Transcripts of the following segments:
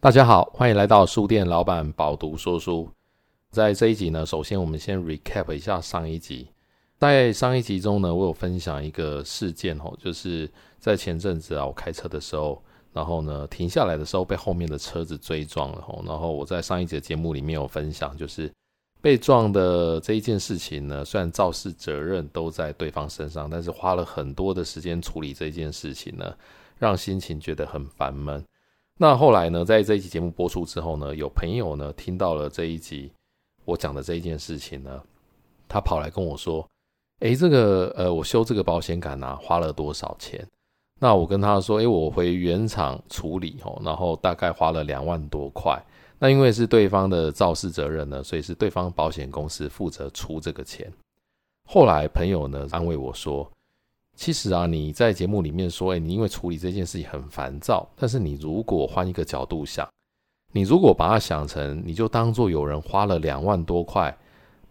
大家好，歡迎來到書店老闆飽讀說書。在這一集呢，首先我們先 recap 一下上一集。在上一集中呢，我有分享一個事件吼，就是在前陣子啊，我開車的時候，然後呢停下來的時候被後面的車子追撞了吼。然後我在上一集的節目裡面有分享，就是被撞的這一件事情呢，雖然肇事責任都在對方身上，但是花了很多的時間處理這一件事情呢，讓心情覺得很煩悶。那後來呢，在這一期節目播出之後呢，有朋友呢聽到了這一集我講的這一件事情呢，他跑來跟我說：“欸，這個呃，我修這個保險桿啊，花了多少錢？”那我跟他說：“欸，我回原廠處理喔，然後大概花了兩萬多塊。那因為是對方的肇事責任呢，所以是對方保險公司負責出這個錢。”後來朋友呢安慰我說。其實啊，你在節目裡面說，哎、欸，你因為處理這件事情很煩躁，但是你如果換一個角度想，你如果把它想成，你就當作有人花了兩萬多塊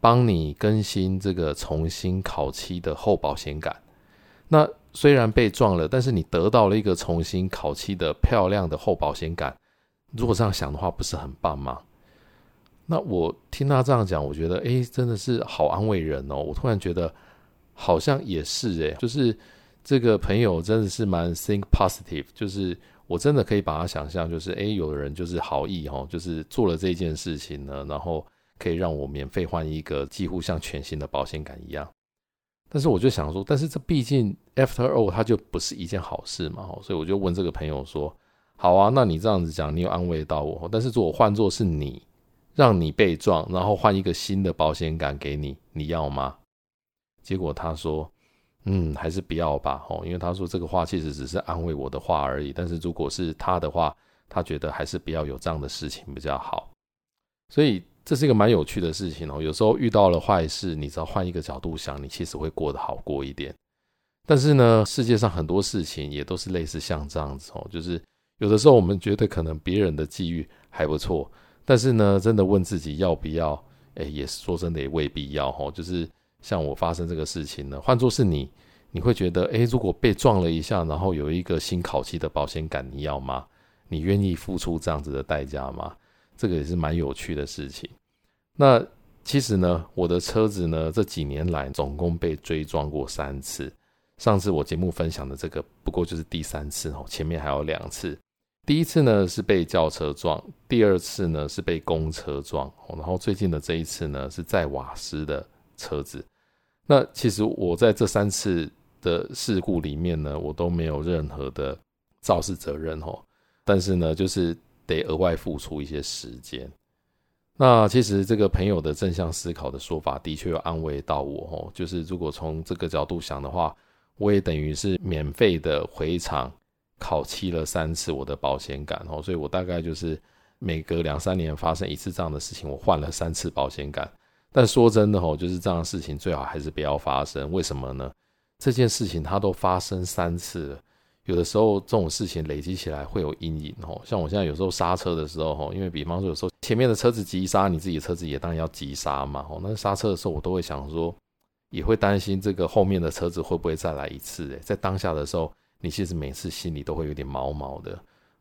幫你更新這個重新烤漆的後保險桿，那雖然被撞了，但是你得到了一個重新烤漆的漂亮的後保險桿，如果這樣想的話，不是很棒嗎？那我聽他這樣講，我覺得，誒、欸，真的是好安慰人哦，我突然覺得。好像也是欸，就是這個朋友真的是蠻 think positive，就是我真的可以把他想象就是誒，有的人就是好意哈，就是做了這件事情呢，然後可以讓我免費換一個幾乎像全新的保險桿一樣。但是我就想說，但是這畢竟 after all，它就不是一件好事嘛，所以我就問這個朋友說：“好啊，那你這樣子講，你有安慰到我。但是如果我換做是你，讓你被撞，然後換一個新的保險桿給你，你要嗎？”結果他說：“嗯，還是不要吧。”哦，因為他說這個話其實只是安慰我的話而已。但是如果是他的話，他覺得還是不要有這樣的事情比較好。所以這是一個蠻有趣的事情哦。有時候遇到了壞事，你只要換一個角度想，你其實會過得好過一點。但是呢，世界上很多事情也都是類似像這樣子哦，就是有的時候我們覺得可能別人的際遇還不錯，但是呢，真的問自己要不要？誒，也說真的，也未必要哦，就是。像我發生這個事情呢，換作是你，你會覺得，哎、欸，如果被撞了一下，然後有一個新烤漆的保險桿，你要嗎？你願意付出這樣子的代價嗎？這個也是蠻有趣的事情。那其實呢，我的車子呢，這幾年來總共被追撞過三次。上次我節目分享的這個，不過就是第三次哦，前面還有兩次。第一次呢是被轎車撞，第二次呢是被公車撞，然後最近的這一次呢是載瓦斯的車子，那其實我在這三次的事故裡面呢，我都沒有任何的肇事責任哦。但是呢，就是得額外付出一些時間。那其實這個朋友的正向思考的說法，的確有安慰到我哦。就是如果從這個角度想的話，我也等於是免費的回廠烤漆了三次我的保險桿哦。所以我大概就是每隔兩三年發生一次這樣的事情，我換了三次保險杆。但說真的吼，就是這樣的事情最好還是不要發生。為什麼呢？這件事情它都發生三次了。有的時候這種事情累積起來會有陰影吼。像我現在有時候剎車的時候吼，因為比方說有時候前面的車子急剎，你自己的車子也當然要急剎嘛吼。那剎車的時候我都會想說，也會擔心這個後面的車子會不會再來一次誒，在當下的時候，你其實每次心裡都會有點毛毛的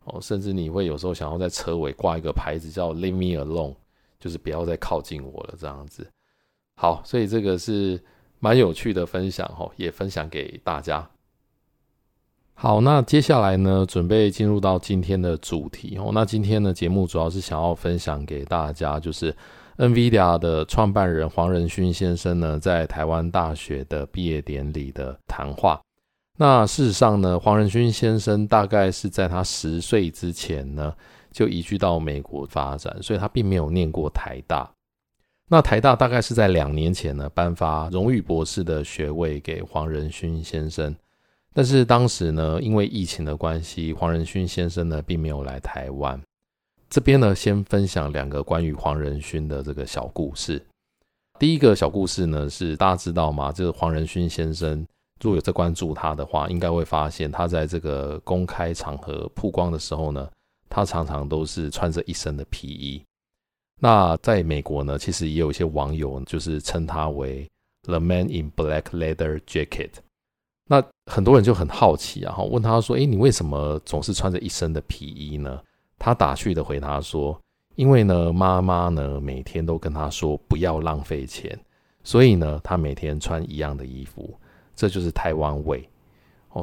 哦，甚至你會有時候想要在車尾掛一個牌子叫 “Leave me alone”。就是不要再靠近我了，這樣子。好，所以這個是蠻有趣的分享吼，也分享給大家。好，那接下來呢，準備進入到今天的主題哦。那今天的節目主要是想要分享給大家，就是 NVIDIA 的創辦人黃仁勳先生呢，在台灣大學的畢業典禮的談話。那事實上呢，黃仁勳先生大概是在他十歲之前呢，就移居到美國發展，所以他並沒有念過台大。那台大大概是在兩年前呢，頒發榮譽博士的學位給黃仁勳先生。但是當時呢，因為疫情的關係，黃仁勳先生呢並沒有來台灣。這邊呢，先分享兩個關於黃仁勳的這個小故事。第一個小故事呢，是大家知道嗎？就是黃仁勳先生，如果有在關注他的話，應該會發現他在這個公開場合曝光的時候呢。他常常都是穿着一身的皮衣。那在美國呢，其實也有一些網友就是稱他為 “the man in black leather jacket”。那很多人就很好奇，啊，然後問他說：“哎、欸，你為什麼總是穿着一身的皮衣呢？”他打趣的回答說：“因為呢，媽媽呢每天都跟他說不要浪費錢，所以呢，他每天穿一樣的衣服，這就是台灣味。”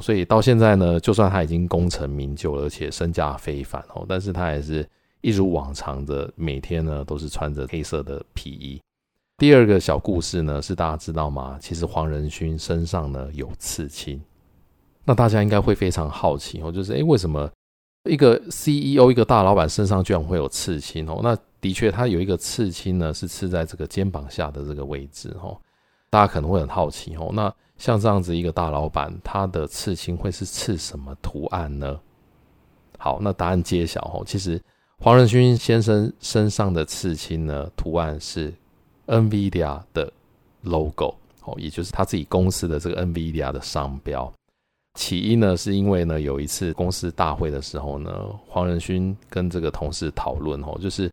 所以到現在呢，就算他已經功成名就，而且身價非凡哦，但是他也是一如往常的，每天呢都是穿着黑色的皮衣。第二個小故事呢，是大家知道嗎？其實黃仁勳身上呢有刺青，那大家應該會非常好奇哦，就是誒、哎，為什麼一個 CEO 一個大老闆身上居然會有刺青哦？那的確，他有一個刺青呢，是刺在這個肩膀下的這個位置哦。大家可能會很好奇哦，那像這樣子一個大老板，他的刺青會是刺什麼圖案呢？好，那答案揭曉哦。其實黃仁勳先生身上的刺青呢，圖案是 NVIDIA 的 logo 哦，也就是他自己公司的這個 NVIDIA 的商標。起因呢，是因為呢有一次公司大會的時候呢，黃仁勳跟這個同事討論哦，就是。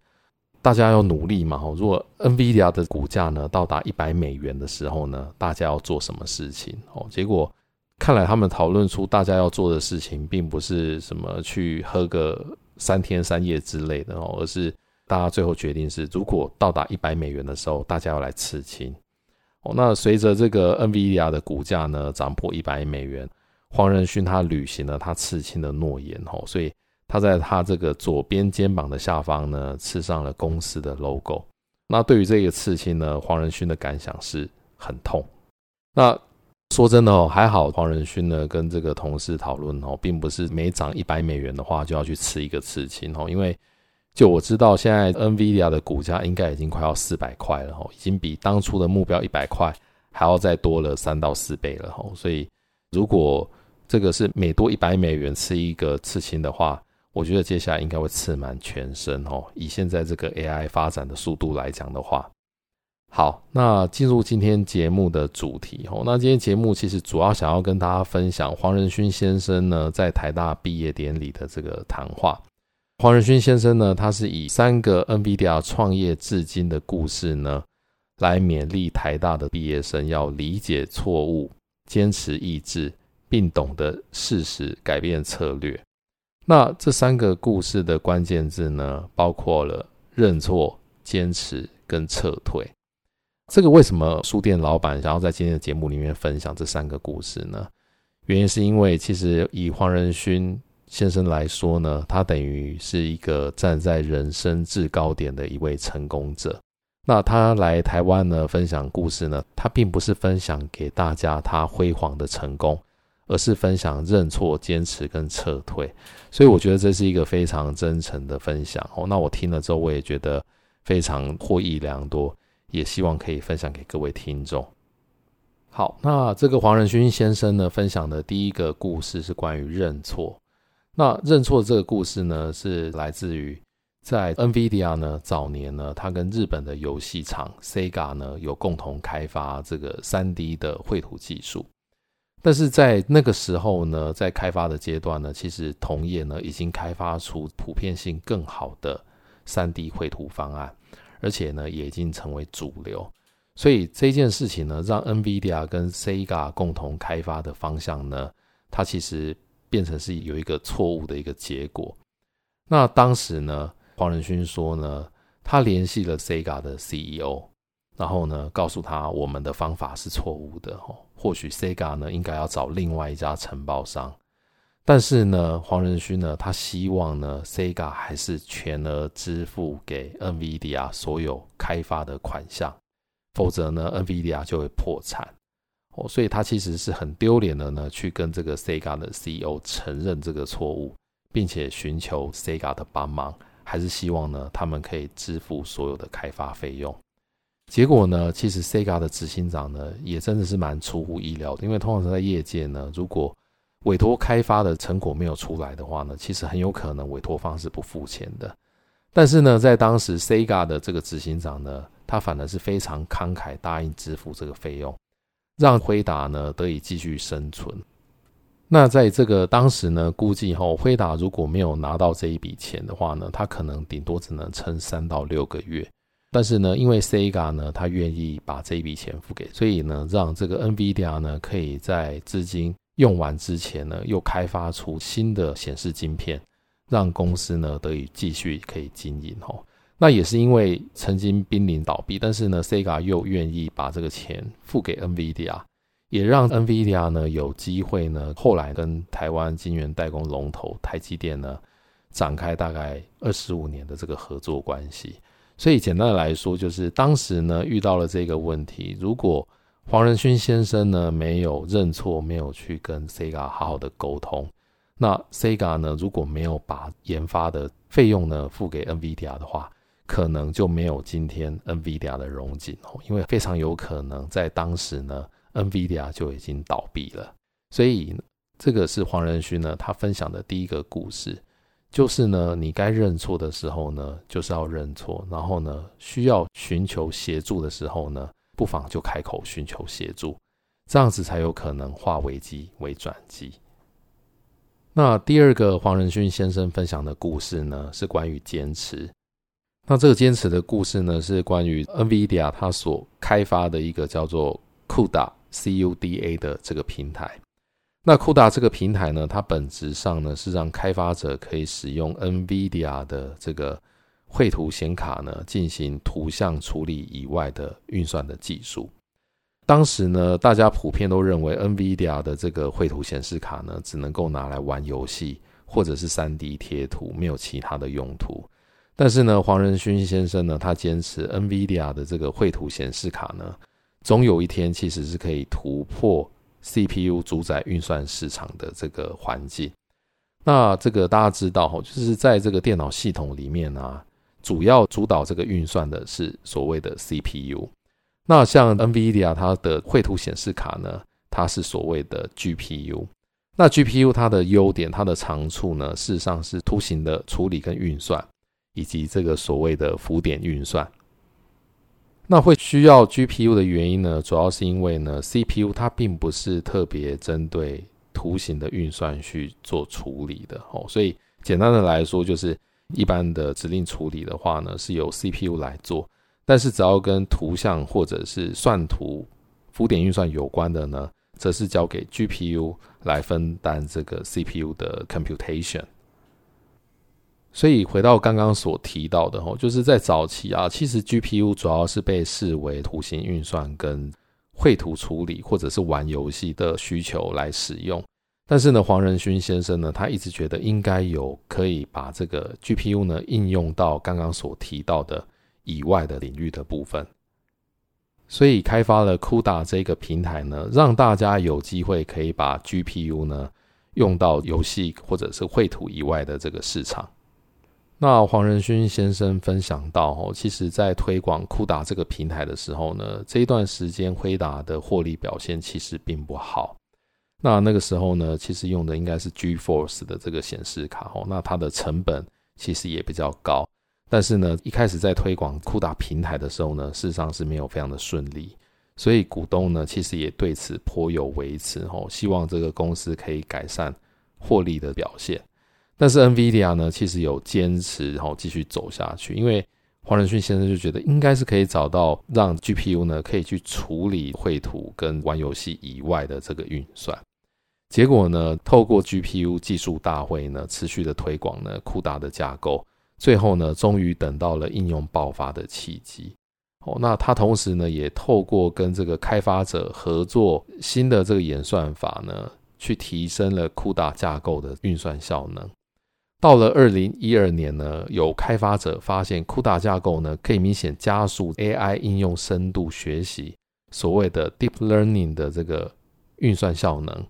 大家要努力嘛！哈，如果 NVIDIA 的股價呢到達一百美元的時候呢，大家要做什麼事情？哦、喔，結果看來他們討論出大家要做的事情，並不是什麼去喝個三天三夜之類的哦、喔，而是大家最後決定是，如果到達一百美元的時候，大家要來刺青。哦、喔，那隨着這個 NVIDIA 的股價呢漲破一百美元，黃仁勳他履行了他刺青的諾言哦、喔，所以。他在他這個左邊肩膀的下方呢，刺上了公司的 logo。那對於這個刺青呢，黃仁勳的感想是很痛。那說真的哦，還好黃仁勳呢，跟這個同事討論哦，並不是每漲一百美元的話就要去刺一個刺青哦。因為就我知道現在 NVIDIA 的股價應該已經快要四百塊了哦，已經比當初的目標一百塊還要再多了三到四倍了哦。所以如果這個是每多一百美元刺一個刺青的話，我覺得接下來應該會刺滿全身哦。以現在這個 AI 發展的速度來講的話，好，那進入今天節目的主題哦。那今天節目其實主要想要跟大家分享黃仁勳先生呢在台大畢業典禮的這個談話。黃仁勳先生呢，他是以三個 NVIDIA 創業至今的故事呢，來勉勵台大的畢業生要理解錯誤、堅持意志，並懂得適時改變策略。那這三個故事的關鍵字呢，包括了認錯、堅持跟撤退。這個為什麼書店老板想要在今天的節目裡面分享這三個故事呢？原因是因為其實以黃仁勳先生來說呢，他等於是一個站在人生制高點的一位成功者。那他來台灣呢，分享故事呢，他並不是分享給大家他輝煌的成功。而是分享認錯、堅持跟撤退，所以我覺得這是一個非常真誠的分享。那我聽了之後，我也覺得非常獲益良多，也希望可以分享給各位聽眾。好，那這個黃仁勳先生呢，分享的第一個故事是關於認錯。那認錯這個故事呢，是來自於在 NVIDIA 呢，早年呢，他跟日本的遊戲廠 Sega 呢有共同開發這個 3D 的繪圖技術。但是在那個時候呢，在開發的階段呢，其實同業呢已經開發出普遍性更好的 3D 繪圖方案，而且呢也已經成為主流。所以這件事情呢，讓 NVIDIA 跟 Sega 共同開發的方向呢，它其實變成是有一個錯誤的一個結果。那當時呢，黃仁勳說呢，他聯繫了 Sega 的 CEO。然後呢，告訴他我們的方法是錯誤的哦。或許 Sega 呢，應該要找另外一家承包商。但是呢，黃仁勳呢，他希望呢，Sega 還是全額支付給 NVIDIA 所有開發的款項，否則呢，NVIDIA 就會破產哦。所以他其實是很丟臉的呢，去跟這個 Sega 的 CEO 承認這個錯誤，並且尋求 Sega 的幫忙，還是希望呢，他們可以支付所有的開發費用。結果呢，其實 Sega 的執行長呢，也真的是蠻出乎意料的。因為通常在業界呢，如果委託開發的成果沒有出來的話呢，其實很有可能委託方是不付錢的。但是呢，在當時 Sega 的這個執行長呢，他反而是非常慷慨，答應支付這個費用，讓輝達呢，得以繼續生存。那在這個當時呢，估計哈輝達如果沒有拿到這一筆錢的話呢，他可能頂多只能撐三到六個月。但是呢，因為 Sega 呢，他願意把這一筆錢付給，所以呢，讓這個 NVIDIA 呢，可以在資金用完之前呢，又開發出新的顯示晶片，讓公司呢得以繼續可以經營哦，那也是因為曾經瀕臨倒閉，但是呢，Sega 又願意把這個錢付給 NVIDIA，也讓 NVIDIA 呢有機會呢，後來跟台灣晶圓代工龍頭台積電呢，展開大概二十五年的這個合作關係。所以簡單的來說，就是當時呢遇到了這個問題。如果黃仁勳先生呢沒有認錯，沒有去跟 Sega 好好的溝通，那 Sega 呢如果沒有把研發的費用呢付給 NVIDIA 的話，可能就沒有今天 NVIDIA 的榮景哦。因為非常有可能在當時呢，NVIDIA 就已經倒閉了。所以這個是黃仁勳呢他分享的第一個故事。就是呢，你該認錯的時候呢，就是要認錯；然後呢，需要尋求協助的時候呢，不妨就開口尋求協助，這樣子才有可能化危機為轉機。那第二個黃仁勳先生分享的故事呢，是關於堅持。那這個堅持的故事呢，是關於 NVIDIA 它所開發的一個叫做 CUDA（C U D A） 的這個平台。那 CUDA 這個平台呢，它本質上呢是讓開發者可以使用 NVIDIA 的這個繪圖顯卡呢進行圖像處理以外的運算的技術。當時呢，大家普遍都認為 NVIDIA 的這個繪圖顯示卡呢，只能夠拿來玩遊戲或者是 3D 貼圖，沒有其他的用途。但是呢，黃仁勳先生呢，他堅持 NVIDIA 的這個繪圖顯示卡呢，總有一天其實是可以突破。C P U 主宰運算市場的這個環境，那這個大家知道吼，就是在這個電腦系統裡面呢、啊，主要主導這個運算的是所謂的 C P U。那像 N V I D I A 它的繪圖顯示卡呢，它是所謂的 G P U。那 G P U 它的優點、它的長處呢，事實上是圖形的處理跟運算，以及這個所謂的浮點運算。那會需要 GPU 的原因呢，主要是因為呢，CPU 它並不是特別針對圖形的運算去做處理的哦，所以簡單的來說，就是一般的指令處理的話呢，是由 CPU 來做，但是只要跟圖像或者是算圖浮點運算有關的呢，則是交給 GPU 來分擔這個 CPU 的 computation。所以回到剛剛所提到的吼，就是在早期啊，其實 GPU 主要是被視為圖形運算跟繪圖處理或者是玩遊戲的需求來使用。但是呢，黃仁勳先生呢，他一直覺得應該有可以把這個 GPU 呢應用到剛剛所提到的以外的領域的部分。所以開發了 CUDA 這個平台呢，讓大家有機會可以把 GPU 呢用到遊戲或者是繪圖以外的這個市場。那黃仁勳先生分享到，哦，其實在推廣 CUDA 這個平台的時候呢，這一段時間輝達的獲利表現其實並不好。那那個時候呢，其實用的應該是 GeForce 的這個顯示卡，哦，那它的成本其實也比較高。但是呢，一開始在推廣 CUDA 平台的時候呢，事實上是沒有非常的順利。所以股東呢，其實也對此頗有微詞，哦，希望這個公司可以改善獲利的表現。但是 NVIDIA 呢，其實有堅持、哦，然後繼續走下去，因為黃仁勳先生就覺得應該是可以找到讓 GPU 呢可以去處理繪圖跟玩遊戲以外的這個運算。結果呢，透過 GPU 技術大會呢持續的推廣呢 CUDA 的架構，最後呢，終於等到了應用爆發的契機。哦，那他同時呢也透過跟這個開發者合作，新的這個演算法呢，去提升了 CUDA 架構的運算效能。到了二零一二年呢，有開發者發現，CUDA 架構呢可以明顯加速 AI 應用深度學習，所謂的 deep learning 的這個運算效能，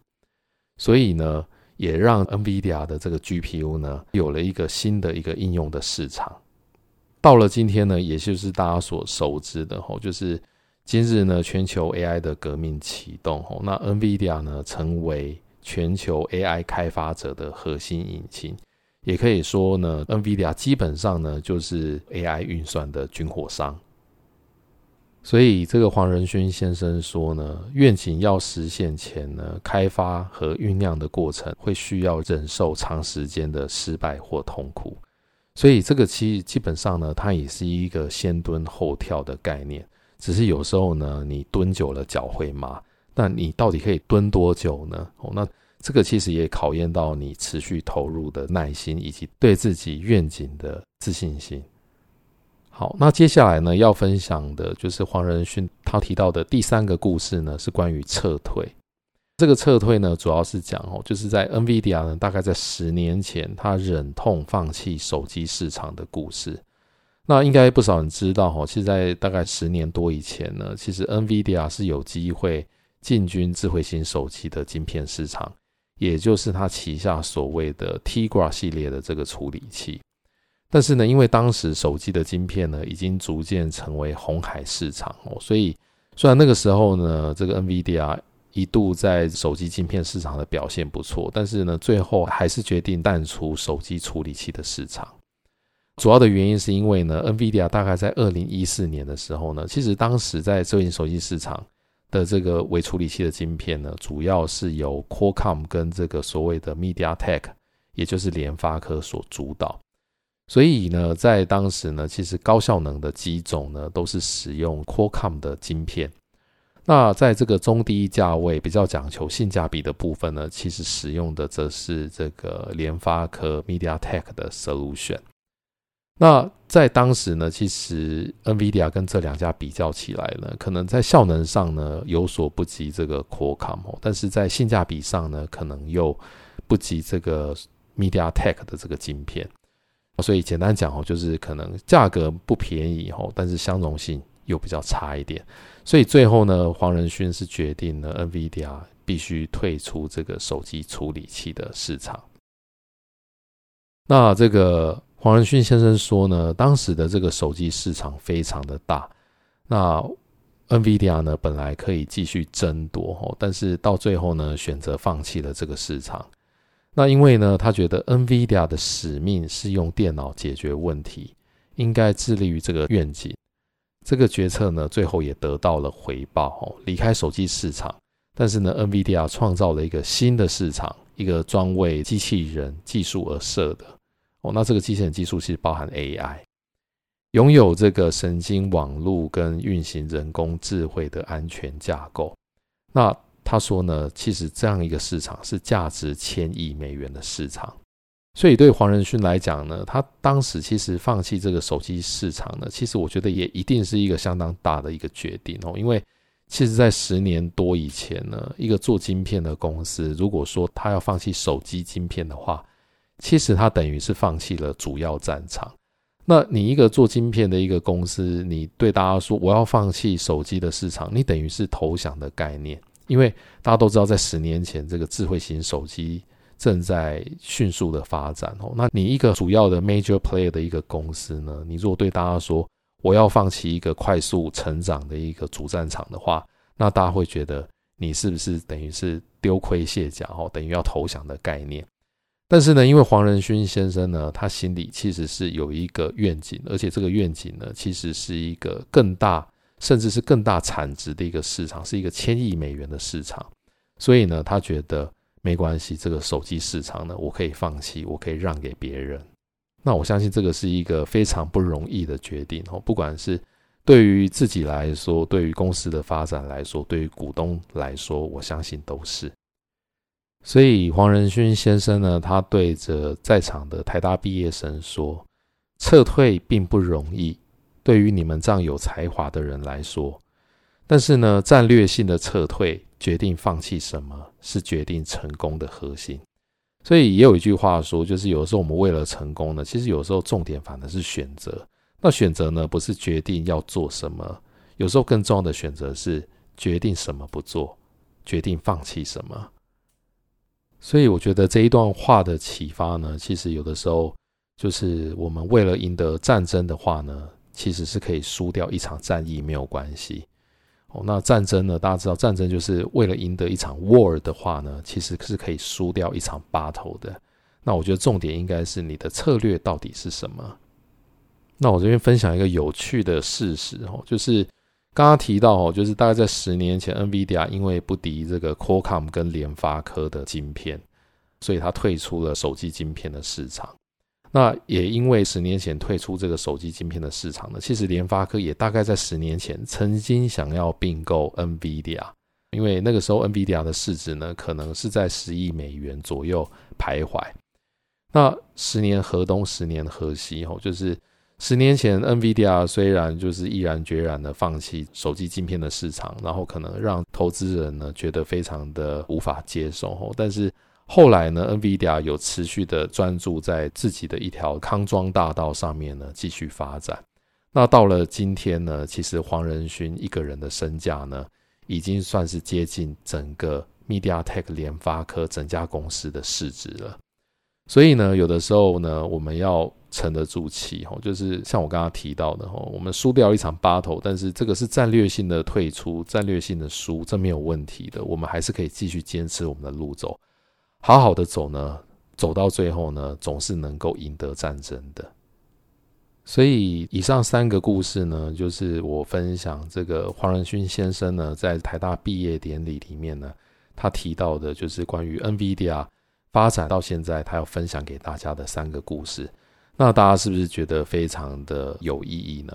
所以呢，也讓 NVIDIA 的這個 GPU 呢有了一個新的一個應用的市場。到了今天呢，也就是大家所熟知的吼，就是今日呢全球 AI 的革命啟動吼，那 NVIDIA 呢成為全球 AI 開發者的核心引擎。也可以說呢，NVIDIA 基本上呢就是 AI 運算的軍火商。所以這個黃仁勳先生說呢，願景要實現前呢，開發和醞釀的過程會需要忍受長時間的失敗或痛苦。所以這個其基本上呢，它也是一個先蹲後跳的概念。只是有時候呢，你蹲久了腳會麻，那你到底可以蹲多久呢？哦，那。這個其實也考驗到你持續投入的耐心，以及對自己願景的自信心。好，那接下來呢，要分享的就是黃仁勳他提到的第三個故事呢，是關於撤退。這個撤退呢，主要是講哦，就是在 NVIDIA 呢，大概在十年前，他忍痛放棄手機市場的故事。那應該不少人知道哈、哦，其實在大概十年多以前呢，其實 NVIDIA 是有機會進軍智慧型手機的晶片市場。也就是它旗下所謂的 Tegra 系列的這個處理器，但是呢，因為當時手機的晶片呢已經逐漸成為紅海市場哦，所以雖然那個時候呢，這個 NVIDIA 一度在手機晶片市場的表現不錯，但是呢，最後還是決定淡出手機處理器的市場。主要的原因是因為呢，NVIDIA 大概在二零一四年的時候呢，其實當時在攝影手機市場。的這個微處理器的晶片呢，主要是由 Qualcomm 跟這個所謂的 MediaTek，也就是聯發科所主導。所以呢，在當時呢，其實高效能的機種呢，都是使用 Qualcomm 的晶片。那在這個中低價位、比較講求性價比的部分呢，其實使用的則是這個聯發科 MediaTek 的 solution。那在當時呢，其實 NVIDIA 跟這兩家比較起來呢，可能在效能上呢有所不及這個 Qualcomm，但是在性價比上呢，可能又不及這個 MediaTek 的這個晶片。所以簡單講哦，就是可能價格不便宜，但是相容性又比較差一點。所以最後呢，黃仁勳是決定了 NVIDIA 必須退出這個手機處理器的市場。那這個。黃仁勳先生說呢，當時的這個手機市場非常的大，那 NVIDIA 呢本來可以繼續爭奪吼，但是到最後呢選擇放棄了這個市場。那因為呢他覺得 NVIDIA 的使命是用電腦解決問題，應該致力於這個願景。這個決策呢最後也得到了回報吼。離開手機市場，但是呢 NVIDIA 創造了一個新的市場，一個專為機器人技術而設的。哦，那這個機器人技術其實包含 AI，擁有這個神經網絡跟運行人工智慧的安全架構。那他說呢，其實這樣一個市場是價值千億美元的市場。所以對黃仁勳來講呢，他當時其實放棄這個手機市場呢，其實我覺得也一定是一個相當大的一個決定哦，因為其實在十年多以前呢，一個做晶片的公司，如果說他要放棄手機晶片的話，其實它等於是放棄了主要戰場。那你一個做晶片的一個公司，你對大家說我要放棄手機的市場，你等於是投降的概念。因為大家都知道，在十年前，這個智慧型手機正在迅速的發展哦。那你一個主要的 major player 的一個公司呢，你如果對大家說我要放棄一個快速成長的一個主戰場的話，那大家會覺得你是不是等於是丟盔卸甲哦，等於要投降的概念。但是呢，因為黃仁勳先生呢，他心裡其實是有一個願景，而且這個願景呢，其實是一個更大，甚至是更大產值的一個市場，是一個千億美元的市場。所以呢，他覺得沒關係，這個手機市場呢，我可以放棄，我可以讓給別人。那我相信這個是一個非常不容易的決定哦，不管是對於自己來說，對於公司的發展來說，對於股東來說，我相信都是。所以黃仁勳先生呢，他對着在場的台大畢業生說：“撤退並不容易，對於你們這樣有才華的人來說。但是呢，戰略性的撤退，決定放棄什麼是決定成功的核心。所以也有一句話說，就是有時候我們為了成功呢，其實有時候重點反而是選擇。那選擇呢，不是決定要做什麼，有時候更重要的選擇是決定什麼不做，決定放棄什麼。”所以我覺得這一段話的啟發呢，其實有的時候就是我們為了贏得戰爭的話呢，其實是可以輸掉一場戰役沒有關係哦。那戰爭呢，大家知道戰爭就是為了贏得一場 war 的話呢，其實是可以輸掉一場 battle 的。那我覺得重點應該是你的策略到底是什麼？那我這邊分享一個有趣的事實哦，就是。剛剛提到哦，就是大概在十年前，NVIDIA 因為不敵這個 Qualcomm 跟聯發科的晶片，所以它退出了手機晶片的市場。那也因為十年前退出這個手機晶片的市場呢，其實聯發科也大概在十年前曾經想要併購 NVIDIA，因為那個時候 NVIDIA 的市值呢，可能是在十億美元左右徘徊。那十年河東，十年河西哦，就是。十年前，NVIDIA 雖然就是毅然決然的放棄手機晶片的市場，然後可能讓投資人呢覺得非常的無法接受。但是後來呢，NVIDIA 有持續的專注在自己的一條康莊大道上面呢繼續發展。那到了今天呢，其實黃仁勳一個人的身價呢，已經算是接近整個 MediaTek 聯發科整家公司的市值了。所以呢，有的時候呢，我們要沉得住氣吼，就是像我剛剛提到的吼，我們輸掉一場 battle，但是這個是戰略性的退出，戰略性的輸，這沒有問題的。我們還是可以繼續堅持我們的路走，好好的走呢，走到最後呢，總是能夠贏得戰爭的。所以以上三個故事呢，就是我分享這個黃仁勳先生呢，在台大畢業典禮裡面呢，他提到的，就是關於 NVIDIA 發展到現在，他要分享給大家的三個故事。那大家是不是覺得非常的有意義呢？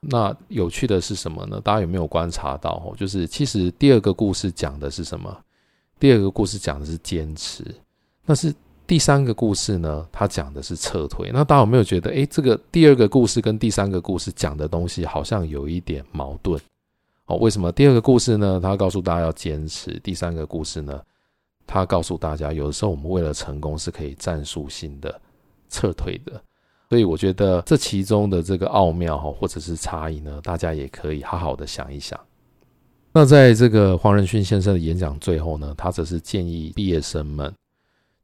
那有趣的是什麼呢？大家有沒有觀察到哦？就是其實第二個故事講的是什麼？第二個故事講的是堅持。但是第三個故事呢？它講的是撤退。那大家有沒有覺得，誒，這個第二個故事跟第三個故事講的東西好像有一點矛盾？哦，為什麼第二個故事呢？他告訴大家要堅持。第三個故事呢？他告訴大家，有的時候我們為了成功是可以戰術性的撤退的。所以我覺得這其中的這個奧妙或者是差異呢，大家也可以好好的想一想。那在這個黃仁勳先生的演講最後呢，他則是建議畢業生們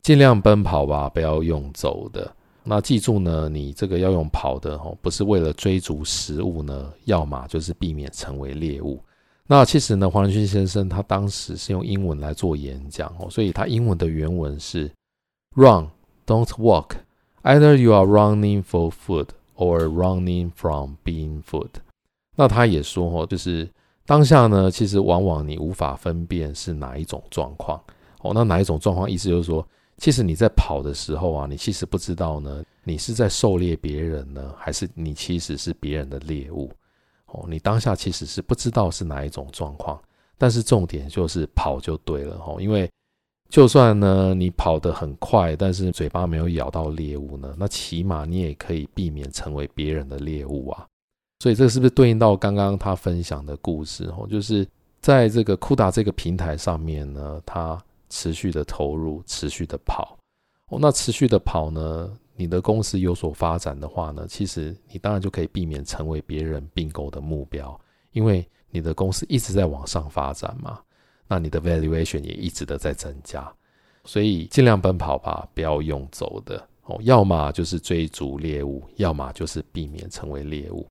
盡量奔跑吧，不要用走的。那記住呢，你這個要用跑的哦，不是為了追逐食物呢，要麼就是避免成為獵物。那其實呢，黃仁勳先生他當時是用英文來做演講哦，所以他英文的原文是 “Run, don't walk。” Either you are running for food or running from being food。那他也說哦，就是當下呢，其實往往你無法分辨是哪一種狀況哦。那哪一種狀況意思就是說，其實你在跑的時候啊，你其實不知道呢，你是在狩獵別人呢，還是你其實是別人的獵物哦。你當下其實是不知道是哪一種狀況，但是重點就是跑就對了哦，因為。就算呢，你跑得很快，但是嘴巴沒有咬到獵物呢，那起碼你也可以避免成為別人的獵物啊。所以，這是不是對應到剛剛他分享的故事？哦，就是在這個 CUDA 這個平台上面呢，他持續的投入，持續的跑。哦，那持續的跑呢，你的公司有所發展的話呢，其實你當然就可以避免成為別人併購的目標，因為你的公司一直在往上發展嘛。那你的 valuation 也一直的在增加，所以儘量奔跑吧，不要用走的哦。要麼就是追逐獵物，要麼就是避免成為獵物。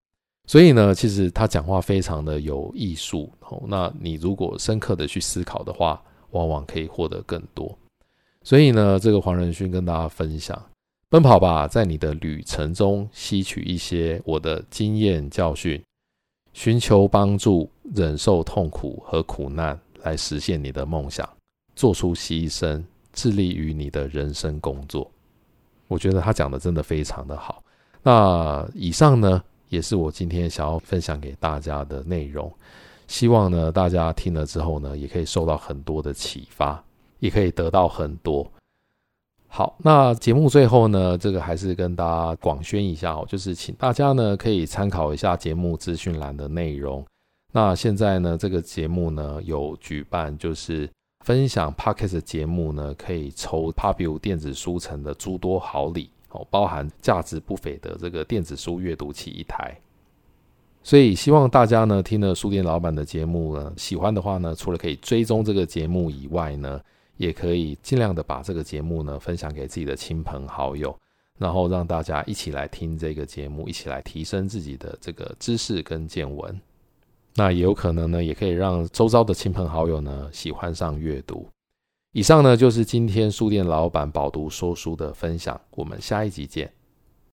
所以呢，其實他講話非常的有藝術哦。那你如果深刻的去思考的話，往往可以獲得更多。所以呢，這個黃仁勳跟大家分享：奔跑吧，在你的旅程中吸取一些我的經驗教訓，尋求幫助，忍受痛苦和苦難。來實現你的夢想，做出犧牲，致力於你的人生工作。我覺得他講的真的非常的好。那以上呢，也是我今天想要分享給大家的內容。希望呢，大家聽了之後呢，也可以受到很多的啟發，也可以得到很多。好，那節目最後呢，這個還是跟大家廣宣一下哦，就是請大家呢可以參考一下節目資訊欄的內容。那現在呢，這個節目呢有舉辦，就是分享 Podcast 節目呢，可以抽 Pubu 電子書城的諸多好禮哦，包含價值不菲的這個電子書閱讀器一台。所以希望大家呢聽了書店老闆的節目呢，喜歡的話呢，除了可以追蹤這個節目以外呢，也可以盡量的把這個節目呢分享給自己的親朋好友，然後讓大家一起來聽這個節目，一起來提升自己的這個知識跟見聞。那也有可能呢，也可以讓周遭的親朋好友呢，喜歡上閱讀。以上呢就是今天書店老闆飽讀說書的分享，我們下一集見。